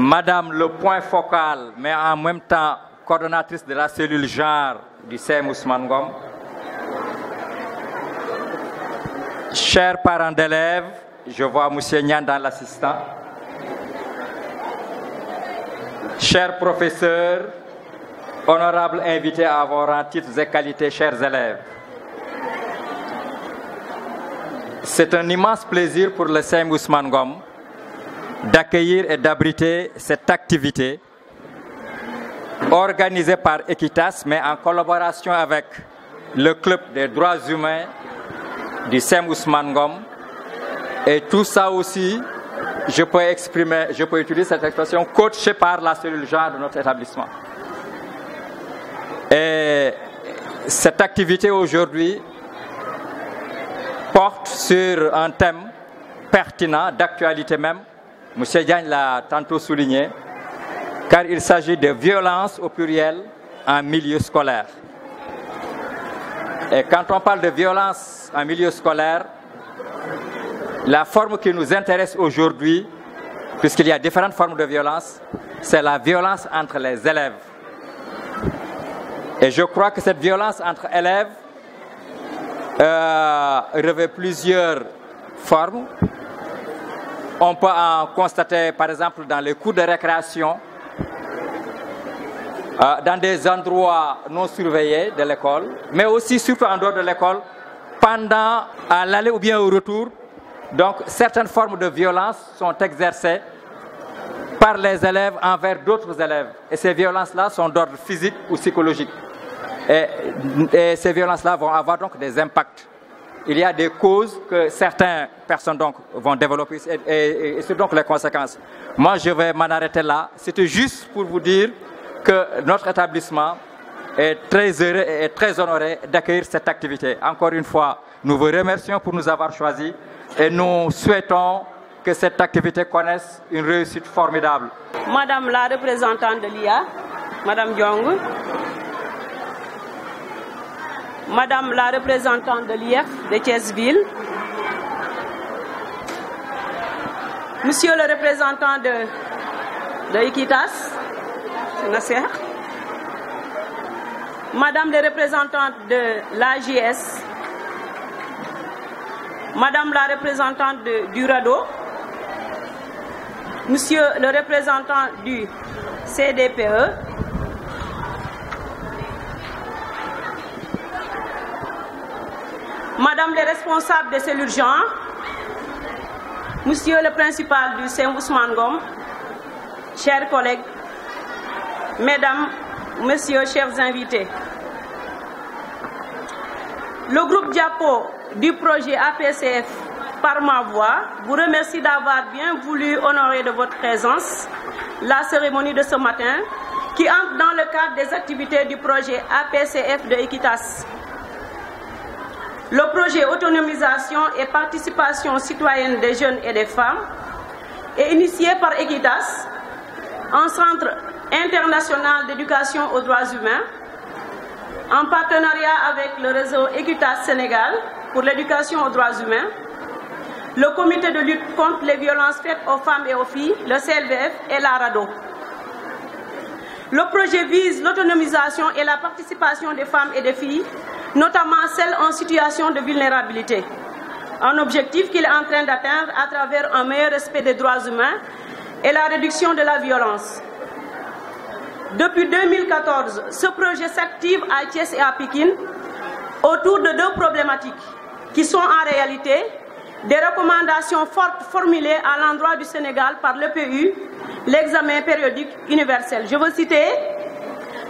Madame le point focal, mais en même temps coordonnatrice de la cellule genre du CEM Ousmane Gom. Chers parents d'élèves, je vois M. Nyan dans l'assistant. Chers professeurs, honorables invités à avoir en titre et qualités, chers élèves. C'est un immense plaisir pour le CEM Ousmane Gom d'accueillir et d'abriter cette activité organisée par Equitas, mais en collaboration avec le Club des droits humains du SEM Ousmane Gom. Et tout ça aussi, je peux exprimer, je peux utiliser cette expression, coachée par la cellule genre de notre établissement. Et cette activité aujourd'hui porte sur un thème pertinent, d'actualité même, M. Diagne l'a tantôt souligné, car il s'agit de violence au pluriel en milieu scolaire. Et quand on parle de violence en milieu scolaire, la forme qui nous intéresse aujourd'hui, puisqu'il y a différentes formes de violence, c'est la violence entre les élèves. Et je crois que cette violence entre élèves euh, revêt plusieurs formes. On peut en constater, par exemple, dans les cours de récréation, euh, dans des endroits non surveillés de l'école, mais aussi, surtout en dehors de l'école, pendant l'aller ou bien au retour. Donc, certaines formes de violence sont exercées par les élèves envers d'autres élèves. Et ces violences-là sont d'ordre physique ou psychologique. et ces violences-là vont avoir donc des impacts il y a des causes que certaines personnes donc vont développer et, et, et c'est donc les conséquences. Moi, je vais m'en arrêter là. C'était juste pour vous dire que notre établissement est très heureux et très honoré d'accueillir cette activité. Encore une fois, nous vous remercions pour nous avoir choisis et nous souhaitons que cette activité connaisse une réussite formidable. Madame la représentante de l'IA, Madame Diong, Madame la représentante de l'IF de Thièsville, Monsieur le représentant de, de Iquitas, Madame la représentante de l'AGS, Madame la représentante de, du RADO, Monsieur le représentant du CDPE, Madame les responsables de cellules Jean, Monsieur le principal du Saint-Ousmane Gom, chers collègues, Mesdames, Messieurs, chers invités, le groupe Diapo du projet APCF par ma voix vous remercie d'avoir bien voulu honorer de votre présence la cérémonie de ce matin qui entre dans le cadre des activités du projet APCF de Equitas le projet Autonomisation et Participation citoyenne des jeunes et des femmes est initié par Equitas, un centre international d'éducation aux droits humains, en partenariat avec le réseau Equitas Sénégal pour l'éducation aux droits humains, le comité de lutte contre les violences faites aux femmes et aux filles, le CLVF et la RADO. Le projet vise l'autonomisation et la participation des femmes et des filles, notamment celles en situation de vulnérabilité. Un objectif qu'il est en train d'atteindre à travers un meilleur respect des droits humains et la réduction de la violence. Depuis 2014, ce projet s'active à Thiès et à Pékin autour de deux problématiques qui sont en réalité des recommandations fortes formulées à l'endroit du Sénégal par l'EPU l'examen périodique universel. Je veux citer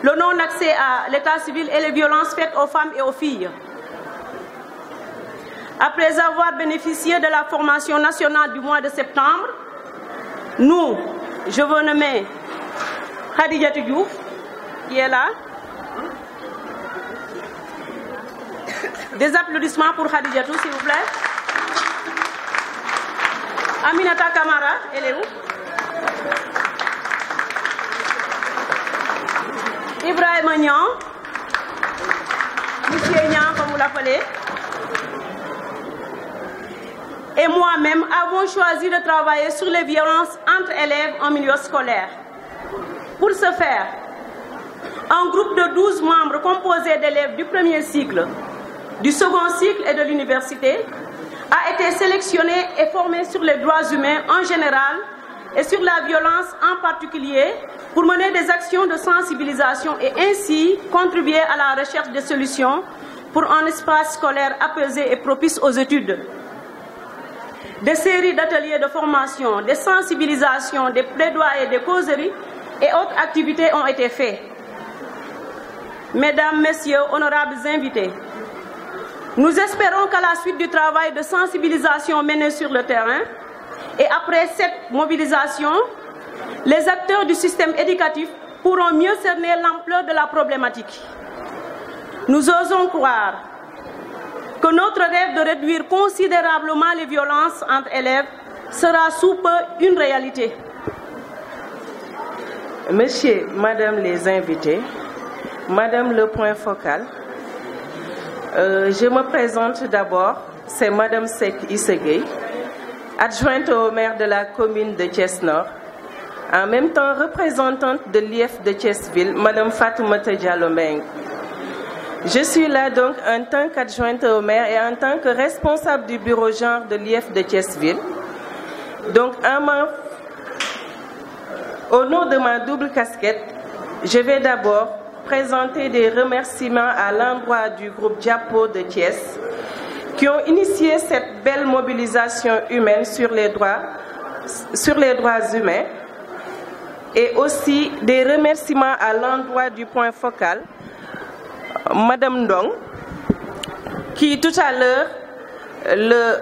le non-accès à l'état civil et les violences faites aux femmes et aux filles. Après avoir bénéficié de la formation nationale du mois de septembre, nous, je veux nommer Khadija Diouf, qui est là. Des applaudissements pour Khadija s'il vous plaît. Aminata Kamara, elle est où Ibrahim Nyan, Monsieur comme vous l'appelez, et moi-même avons choisi de travailler sur les violences entre élèves en milieu scolaire. Pour ce faire, un groupe de 12 membres composé d'élèves du premier cycle, du second cycle et de l'université a été sélectionné et formé sur les droits humains en général et sur la violence en particulier pour mener des actions de sensibilisation et ainsi contribuer à la recherche de solutions pour un espace scolaire apaisé et propice aux études. Des séries d'ateliers de formation, de sensibilisation, des et des causeries et autres activités ont été faites. Mesdames, Messieurs, honorables invités, nous espérons qu'à la suite du travail de sensibilisation mené sur le terrain, et après cette mobilisation, les acteurs du système éducatif pourront mieux cerner l'ampleur de la problématique. Nous osons croire que notre rêve de réduire considérablement les violences entre élèves sera sous peu une réalité. Monsieur, Madame les invités, Madame le point focal, euh, je me présente d'abord, c'est Madame Sek Isegei, adjointe au maire de la commune de Thiès-Nord, en même temps représentante de l'IF de Thiès-Ville, Madame Fatoumata Je suis là donc en tant qu'adjointe au maire et en tant que responsable du bureau genre de l'IF de Thiès-Ville. Donc, au nom de ma double casquette, je vais d'abord présenter des remerciements à l'endroit du groupe Diapo de Thiès qui ont initié cette belle mobilisation humaine sur les droits, sur les droits humains et aussi des remerciements à l'endroit du point focal, Madame Dong, qui tout à l'heure, le,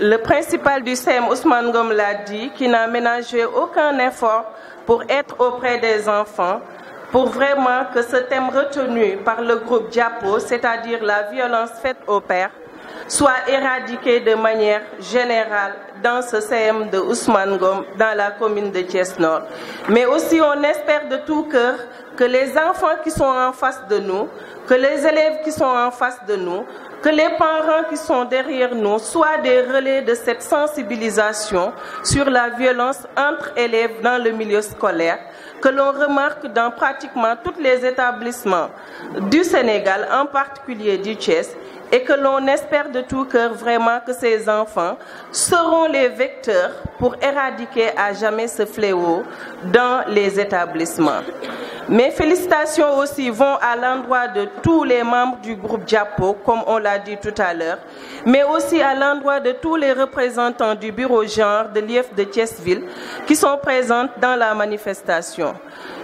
le principal du CEM, Ousmane Gom, l'a dit, qui n'a ménagé aucun effort pour être auprès des enfants pour vraiment que ce thème retenu par le groupe Diapo, c'est-à-dire la violence faite aux pères, soit éradiqué de manière générale dans ce CM de Ousmane Gom, dans la commune de Thiès Mais aussi, on espère de tout cœur que les enfants qui sont en face de nous, que les élèves qui sont en face de nous, que les parents qui sont derrière nous soient des relais de cette sensibilisation sur la violence entre élèves dans le milieu scolaire que l'on remarque dans pratiquement tous les établissements du Sénégal, en particulier du Tchèque, et que l'on espère de tout cœur vraiment que ces enfants seront les vecteurs pour éradiquer à jamais ce fléau dans les établissements. Mes félicitations aussi vont à l'endroit de tous les membres du groupe Diapo, comme on l'a dit tout à l'heure, mais aussi à l'endroit de tous les représentants du bureau genre de l'IF de Thiesville qui sont présents dans la manifestation.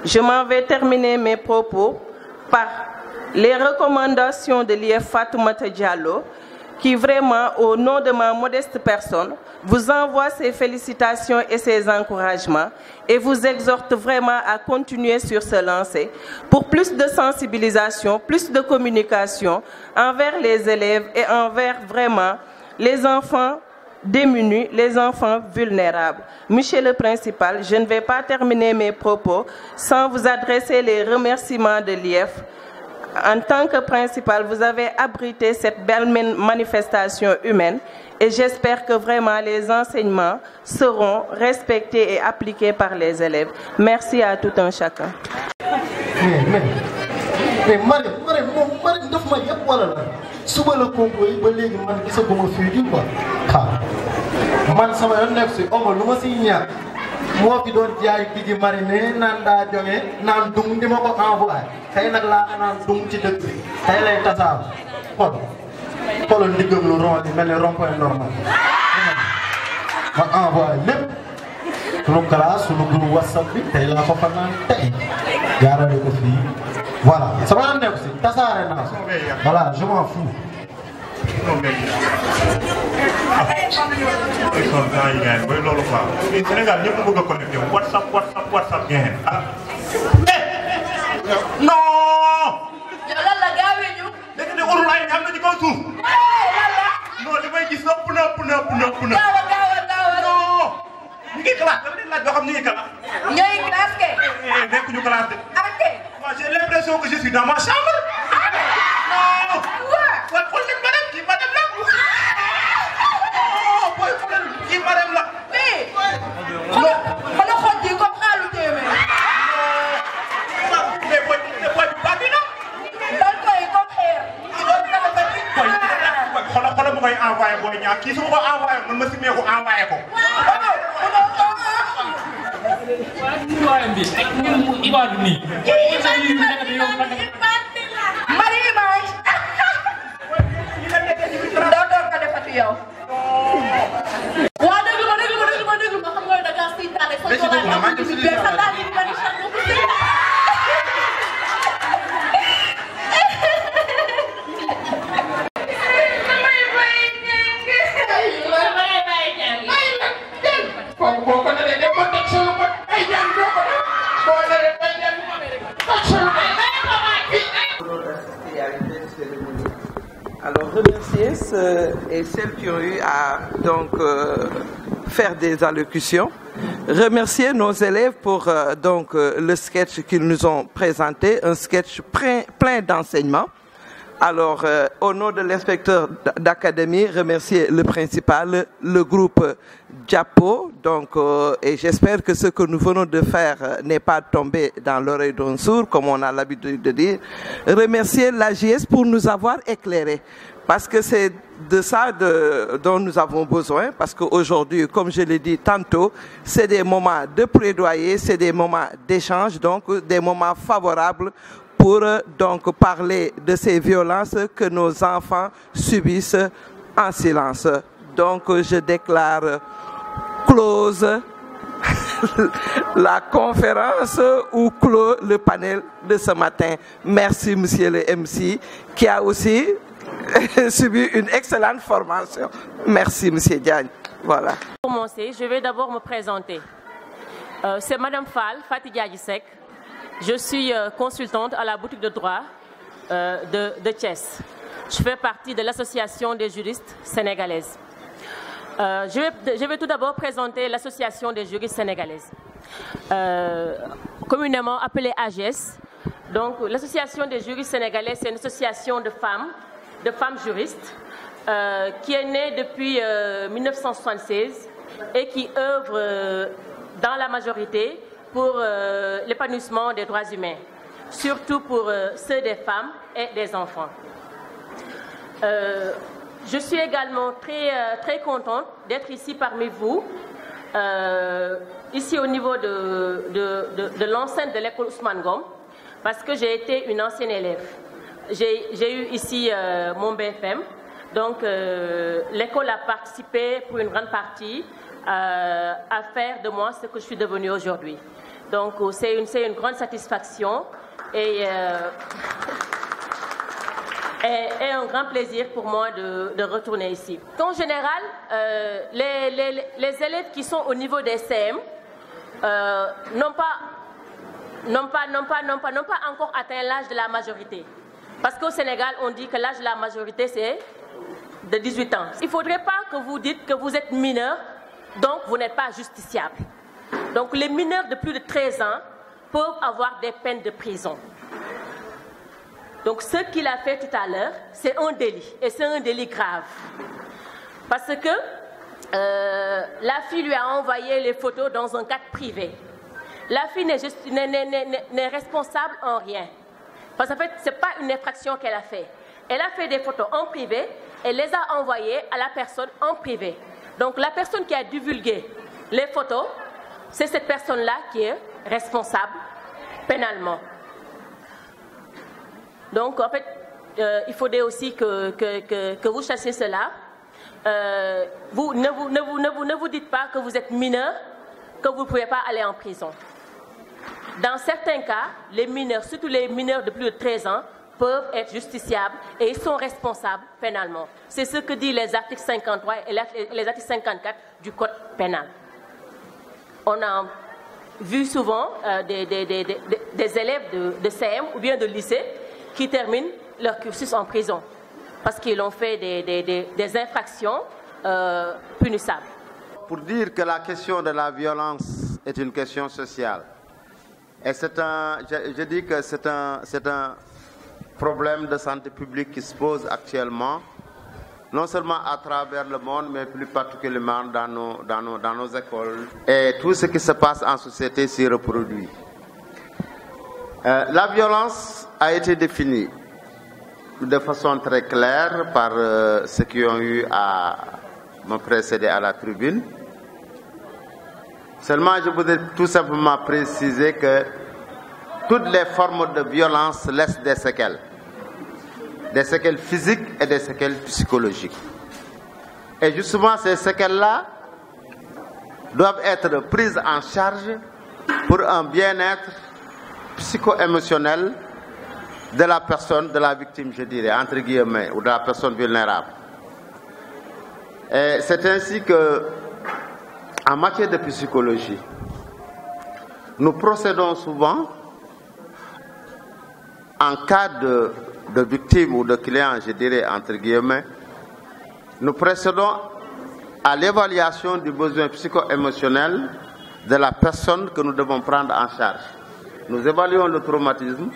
Je m'en vais terminer mes propos par les recommandations de l'IEF Fatoumata Diallo, qui vraiment, au nom de ma modeste personne, vous envoie ses félicitations et ses encouragements et vous exhorte vraiment à continuer sur ce lancer pour plus de sensibilisation, plus de communication envers les élèves et envers vraiment les enfants démunis, les enfants vulnérables. Monsieur le principal, je ne vais pas terminer mes propos sans vous adresser les remerciements de l'IEF en tant que principal, vous avez abrité cette belle manifestation humaine et j'espère que vraiment les enseignements seront respectés et appliqués par les élèves. Merci à tout un chacun. moo fi doon jaay bi gi naan daa joŋe naan dung di ma ko envoyé tey nag laa naan dung ci dëkk bi tey lay tasaam xol xolu ndiggam lu ron li mel ne rond normal ma envoyé lépp sunu classe sunu groupe whatsapp bi tey laa ko fa naan tey jaarale ko fii voilà sama nekk si tasaare naa voilà je m'en fous tombé mooy loolu quoi. fii Sénégal ñëpp bëgg a connecté whatsapp whatsapp whatsapp ngeen ah. non. yow lan la gaawee ñu. léegi ne urul ay am na ci kaw suuf. non li may gis nëpp nëpp nëpp nëpp nëpp. gaaw a gaaw a gaaw a. non. ñu ngi classe dama leen laaj yoo xam ñu ngi classe. ñooy classe ke. nekk ñu classe de. ok. moi j'ai l'impression que je suis dans ma chambre. non. waaw. kii madame la. booy kii madame la. mais. xool xool ji comme xaalu téeméer. mais booy booy bi baax na. loolu koy comme xeer. booy xoolal xoolal ma koy envoyé booy ñaar kii su ma ko envoyé man ma simee ko envoyé ko. waaw waaw waaw. Euh, et celles qui ont eu à donc, euh, faire des allocutions. Remercier nos élèves pour euh, donc, le sketch qu'ils nous ont présenté, un sketch plein, d'enseignements. Alors, au nom de l'inspecteur d'académie, remercier le principal, le groupe Diapo. Donc, et j'espère que ce que nous venons de faire n'est pas tombé dans l'oreille d'un sourd, comme on a l'habitude de dire. Remercier l'AGS pour nous avoir éclairé. Parce que c'est de ça dont nous avons besoin, parce qu'aujourd'hui, comme je l'ai dit tantôt, c'est des moments de prédoyer, c'est des moments d'échange, donc des moments favorables pour donc parler de ces violences que nos enfants subissent en silence. Donc je déclare close la conférence ou close le panel de ce matin. Merci, monsieur le MC, qui a aussi subi une excellente formation. Merci, Monsieur Diagne. Voilà. Pour commencer, je vais d'abord me présenter. Euh, c'est Madame Fall, Fatiga Agissek. Je suis euh, consultante à la boutique de droit euh, de, de Je fais partie de l'association des juristes sénégalaises. Je vais, je, vais, tout d'abord présenter l'association des juristes sénégalaises, communément appelée AGS. Donc, l'association des juristes sénégalaises c'est une association de femmes de femmes juristes euh, qui est née depuis 1976 euh, et qui œuvre euh, dans la majorité pour l'épanouissement des droits humains, surtout pour ceux des femmes et des enfants. je suis également très, très contente d'être ici parmi vous, ici au niveau de, de l'enceinte de l'école Ousmane Gom, parce que j'ai été une ancienne élève. J'ai eu ici euh, mon BFM. Donc, euh, l'école a participé pour une grande partie euh, à faire de moi ce que je suis devenue aujourd'hui. Donc, c'est une, une, grande satisfaction et, un grand plaisir pour moi de, retourner ici. En général, les, élèves qui sont au niveau des CM n'ont pas, pas, pas, pas encore atteint l'âge de la majorité. Parce qu'au Sénégal, on dit que l'âge de la majorité, c'est de 18 ans. Il ne faudrait pas que vous dites que vous êtes mineur, donc vous n'êtes pas justiciable. Donc les mineurs de plus de 13 ans peuvent avoir des peines de prison. Donc ce qu'il a fait tout à l'heure, c'est un délit, et c'est un délit grave. Parce que euh, la fille lui a envoyé les photos dans un cadre privé. La fille n'est responsable en rien. Parce qu'en fait, ce n'est pas une infraction qu'elle a fait. Elle a fait des photos en privé et les a envoyées à la personne en privé. Donc la personne qui a divulgué les photos, c'est cette personne-là qui est responsable pénalement. Donc en fait, euh, il faudrait aussi que, que, que, vous chassiez cela. Euh, vous, ne vous, ne, vous, ne, vous, ne vous dites pas que vous êtes mineur, que vous ne pouvez pas aller en prison. Dans certains cas, les mineurs, surtout les mineurs de plus de 13 ans, peuvent être justiciables et ils sont responsables pénalement. C'est ce que disent les articles 53 et les articles 54 du Code pénal. On a vu souvent euh, des, élèves de, CM ou bien de lycée qui terminent leur cursus en prison parce qu'ils ont fait des, infractions euh, punissables. Pour dire que la question de la violence est une question sociale, et je, dis que c'est un, problème de santé publique qui se pose actuellement, non seulement à travers le monde, mais plus particulièrement dans nos, dans dans nos écoles. Et tout ce qui se passe en société s'y reproduit. Euh, la violence a été définie de façon très claire par euh, ceux qui ont eu à me précéder à la tribune. Seulement, je voudrais tout simplement préciser que toutes les formes de violence laissent des séquelles. Des séquelles physiques et des séquelles psychologiques. Et justement, ces séquelles-là doivent être prises en charge pour un bien-être psycho-émotionnel de la personne, de la victime, je dirais, entre guillemets, ou de la personne vulnérable. Et c'est ainsi que en matière de psychologie, nous procédons souvent en cas de, victime ou de client, je dirais entre guillemets, nous procédons à l'évaluation du besoin psycho-émotionnel de la personne que nous devons prendre en charge. Nous évaluons le traumatisme,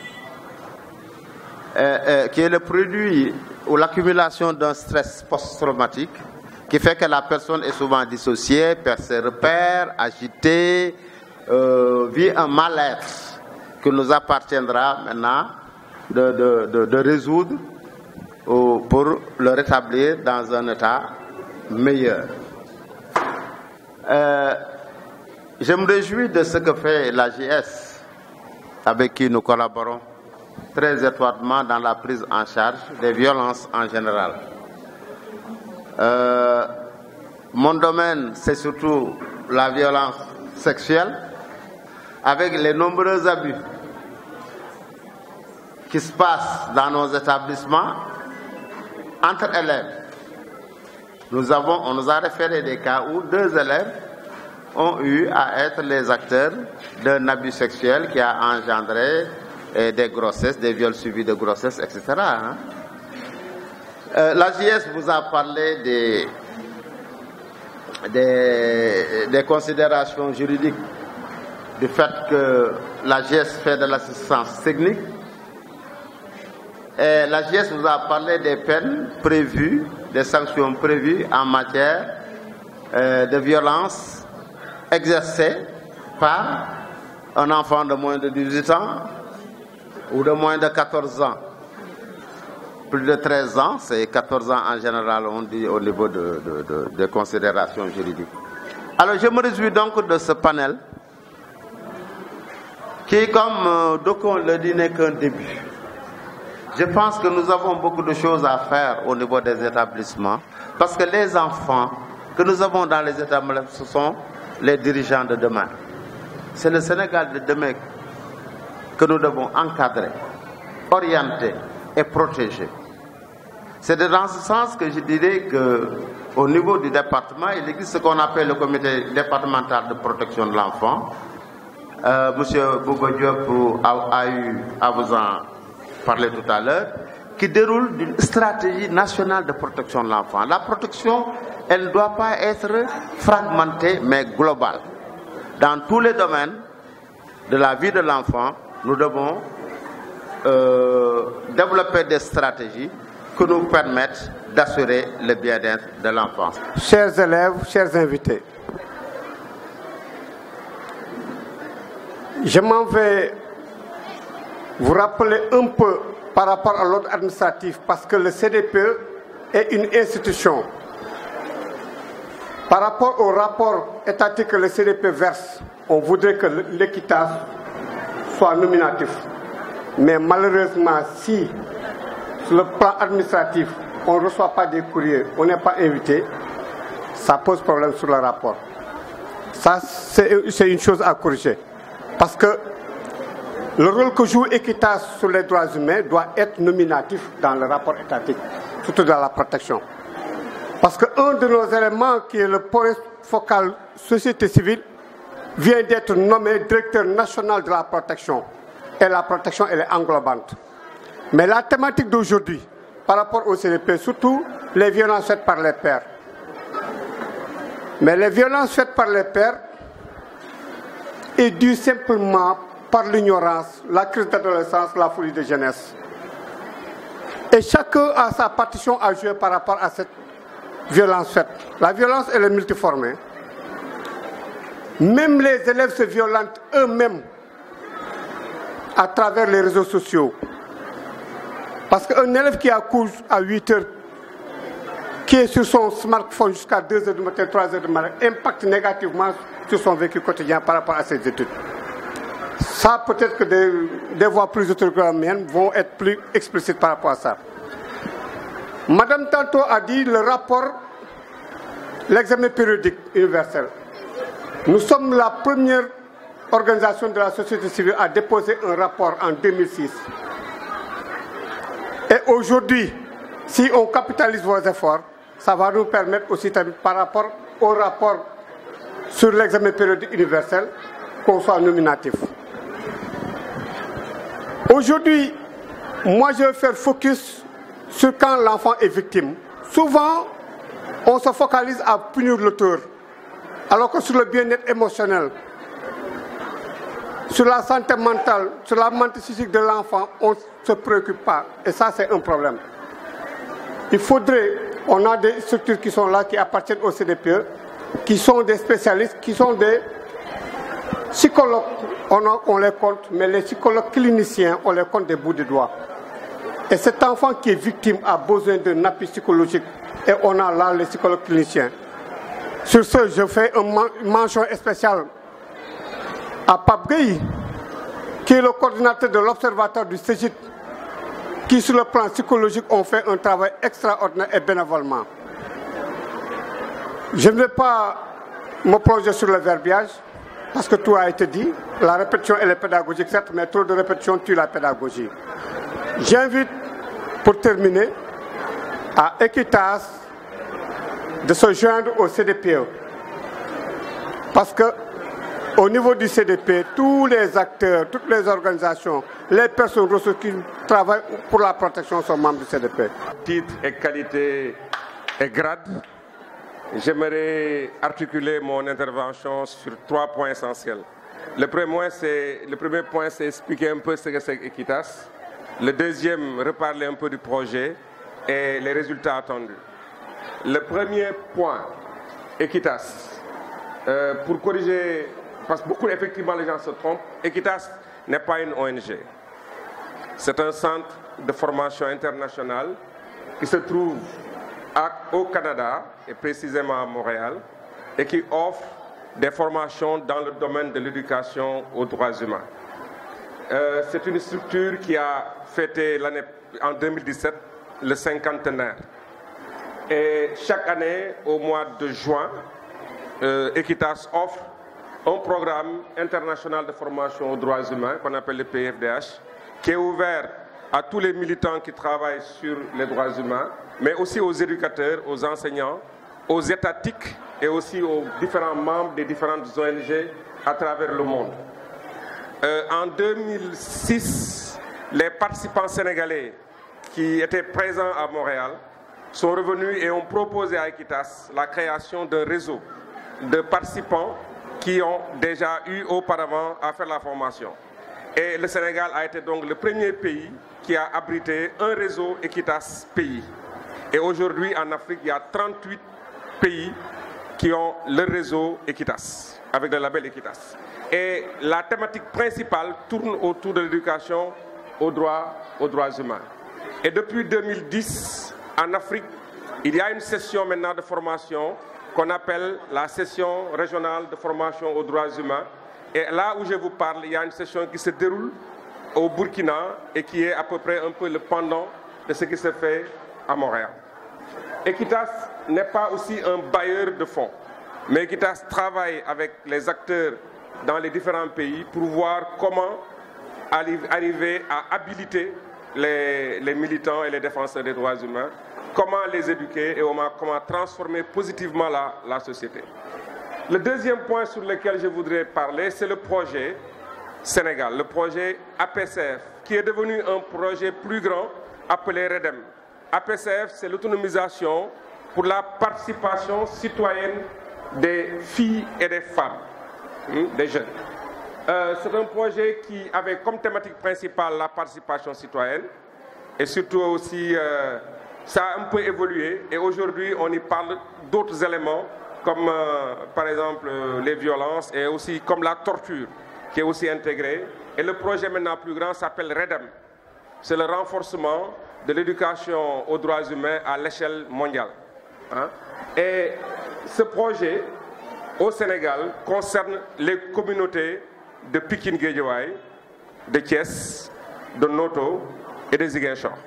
euh, euh, qui est le produit ou l'accumulation d'un stress post-traumatique, qui fait que la personne est souvent dissociée, perd ses repères, agitée, euh, vit un mal-être que nous appartiendra maintenant de, résoudre pour le rétablir dans un état meilleur. Euh, je me réjouis de ce que fait l'AGS, avec qui nous collaborons très étroitement dans la prise en charge des violences en général. Euh, mon domaine, c'est surtout la violence sexuelle, avec les nombreux abus qui se passent dans nos établissements entre élèves. Nous avons, on nous a référé des cas où deux élèves ont eu à être les acteurs d'un abus sexuel qui a engendré eh, des grossesses, des viols suivis de grossesses, etc. Euh, la JS vous a parlé des, des, considérations juridiques, du fait que la JS fait de l'assistance technique. Et la JS vous a parlé des peines prévues, des sanctions prévues en matière euh, de violence exercée par un enfant de moins de 18 ans ou de moins de 14 ans plus de 13 ans, c'est 14 ans en général, on dit au niveau de, de, de, considérations juridiques. Alors je me réjouis donc de ce panel qui, comme euh, le dit, n'est qu'un début. Je pense que nous avons beaucoup de choses à faire au niveau des établissements parce que les enfants que nous avons dans les établissements, ce sont les dirigeants de demain. C'est le Sénégal de demain que nous devons encadrer, orienter et protéger. C'est dans ce sens que je dirais qu'au niveau du département, il existe ce qu'on appelle le comité départemental de protection de l'enfant. Euh, monsieur a, eu à vous en parler tout à l'heure, qui déroule une stratégie nationale de protection de l'enfant. La protection, elle ne doit pas être fragmentée, mais globale. Dans tous les domaines de la vie de l'enfant, nous devons euh, développer des stratégies que nous permettent d'assurer le bien-être de l'enfant. Chers élèves, chers invités, je m'en vais vous rappeler un peu par rapport à l'ordre administratif parce que le CDP est une institution. Par rapport au rapport étatique que le CDP verse, on voudrait que l'équitable soit nominatif. Mais malheureusement, si sur le plan administratif, on ne reçoit pas des courriers, on n'est pas invité, ça pose problème sur le rapport. Ça, c'est une chose à corriger. Parce que le rôle que joue Equitas sur les droits humains doit être nominatif dans le rapport étatique, surtout dans la protection. Parce qu'un de nos éléments, qui est le point focal société civile, vient d'être nommé directeur national de la protection. Et la protection, elle est englobante. Mais la thématique d'aujourd'hui, par rapport au CDP, surtout les violences faites par les pères. Mais les violences faites par les pères est due simplement par l'ignorance, la crise d'adolescence, la folie de jeunesse. Et chacun a sa partition à jouer par rapport à cette violence faite. La violence, elle est multiforme. Même les élèves se violentent eux-mêmes à travers les réseaux sociaux. Parce qu'un élève qui a cours à 8 heures, qui est sur son smartphone jusqu'à 2 heures du matin, 3 heures du matin, impacte négativement sur son vécu quotidien par rapport à ses études. Ça, peut-être que des, voix plus mienne vont être plus explicites par rapport à ça. Madame Tanto a dit le rapport, l'examen périodique universel. Nous sommes la première organisation de la société civile à déposer un rapport en 2006 Aujourd'hui, si on capitalise vos efforts, ça va nous permettre aussi par rapport au rapport sur l'examen périodique universel qu'on soit nominatif. Aujourd'hui, moi je vais faire focus sur quand l'enfant est victime. Souvent, on se focalise à punir tour, alors que sur le bien-être émotionnel, sur la santé mentale, sur la santé physique de l'enfant, on se préoccupent pas. Et ça, c'est un problème. Il faudrait, on a des structures qui sont là, qui appartiennent au CDPE, qui sont des spécialistes, qui sont des psychologues, on, les compte, mais les psychologues cliniciens, on les compte des bouts de doigts. Et cet enfant qui est victime a besoin d'un appui psychologique. Et on a là les psychologues cliniciens. Sur ce, je fais un mention spécial à Pape qui est le coordinateur de l'Observatoire du CEGIT, qui sur le plan psychologique ont fait un travail extraordinaire et bénévolement. Je ne vais pas me plonger sur le verbiage, parce que tout a été dit. La répétition, elle est pédagogique, certes, mais trop de répétition tue la pédagogie. J'invite, pour terminer, à Equitas de se joindre au CDPE. Parce que au niveau du CDP, tous les acteurs, toutes les organisations, les personnes qui travaillent pour la protection sont membres du CDP. Titre et qualité et grade, j'aimerais articuler mon intervention sur trois points essentiels. Le premier, le premier point, c'est expliquer un peu ce que c'est Equitas. Le deuxième, reparler un peu du projet et les résultats attendus. Le premier point, Equitas. Euh, pour corriger parce que beaucoup, effectivement, les gens se trompent. Equitas n'est pas une ONG. C'est un centre de formation internationale qui se trouve au Canada, et précisément à Montréal, et qui offre des formations dans le domaine de l'éducation aux droits humains. Euh, c'est une structure qui a fêté en 2017 le cinquantenaire. Et chaque année, au mois de juin, euh, Equitas offre un programme international de formation aux droits humains qu'on appelle le PFDH, qui est ouvert à tous les militants qui travaillent sur les droits humains, mais aussi aux éducateurs, aux enseignants, aux étatiques et aussi aux différents membres des différentes ONG à travers le monde. Euh, en 2006, les participants sénégalais qui étaient présents à Montréal sont revenus et ont proposé à Equitas la création d'un réseau de participants qui ont déjà eu auparavant à faire la formation. Et le Sénégal a été donc le premier pays qui a abrité un réseau Equitas pays. Et aujourd'hui, en Afrique, il y a 38 pays qui ont le réseau Equitas, avec le label Equitas. Et la thématique principale tourne autour de l'éducation aux droits, aux droits humains. Et depuis 2010, en Afrique, il y a une session maintenant de formation qu'on appelle la session régionale de formation aux droits humains. Et là où je vous parle, il y a une session qui se déroule au Burkina et qui est à peu près un peu le pendant de ce qui se fait à Montréal. Equitas n'est pas aussi un bailleur de fonds, mais Equitas travaille avec les acteurs dans les différents pays pour voir comment arriver à habiliter les, les militants et les défenseurs des droits humains comment les éduquer et comment transformer positivement la, société. Le deuxième point sur lequel je voudrais parler, c'est le projet Sénégal, le projet APCF, qui est devenu un projet plus grand appelé REDEM. APCF, c'est l'autonomisation pour la participation citoyenne des filles et des femmes, hmm, des jeunes. Euh, c'est un projet qui avait comme thématique principale la participation citoyenne et surtout aussi euh, ça a un peu évolué et aujourd'hui on y parle d'autres éléments comme euh, par exemple euh, les violences et aussi comme la torture qui est aussi intégrée. Et le projet maintenant plus grand s'appelle REDEM. C'est le renforcement de l'éducation aux droits humains à l'échelle mondiale. Hein. Et ce projet au Sénégal concerne les communautés de Pikin Guédiouaï, de Thiès, de Noto et de Ziguinchor.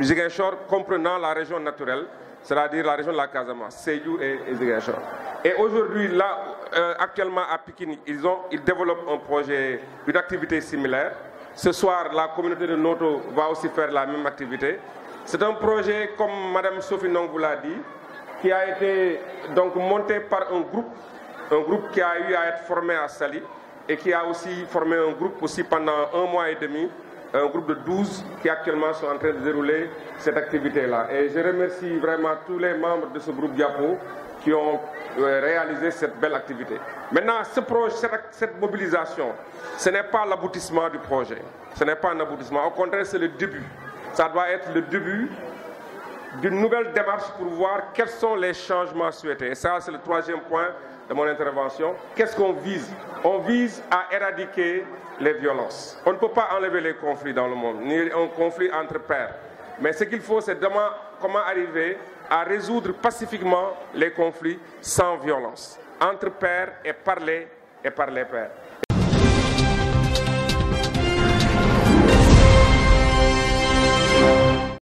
Ziguinchor comprenant la région naturelle, c'est-à-dire la région de la Casama, Seyou et, et Et aujourd'hui, là, euh, actuellement à Pikini, ils, ont, ils développent un projet, une activité similaire. Ce soir, la communauté de Noto va aussi faire la même activité. C'est un projet, comme Mme Sophie Nong l'a dit, qui a été donc monté par un groupe, un groupe qui a eu à être formé à Sali et qui a aussi formé un groupe aussi pendant un mois et demi un groupe de 12 qui actuellement sont en train de dérouler cette activité-là. Et je remercie vraiment tous les membres de ce groupe Diapo qui ont euh, réalisé cette belle activité. Maintenant, ce projet, cette mobilisation, ce n'est pas l'aboutissement du projet. Ce n'est pas un aboutissement. Au contraire, c'est le début. Ça doit être le début d'une nouvelle démarche pour voir quels sont les changements souhaités. Et ça, c'est le troisième point mon intervention, qu'est-ce qu'on vise On vise à éradiquer les violences. On ne peut pas enlever les conflits dans le monde, ni un conflit entre pères. Mais ce qu'il faut, c'est comment arriver à résoudre pacifiquement les conflits sans violence, entre pères et parler et par les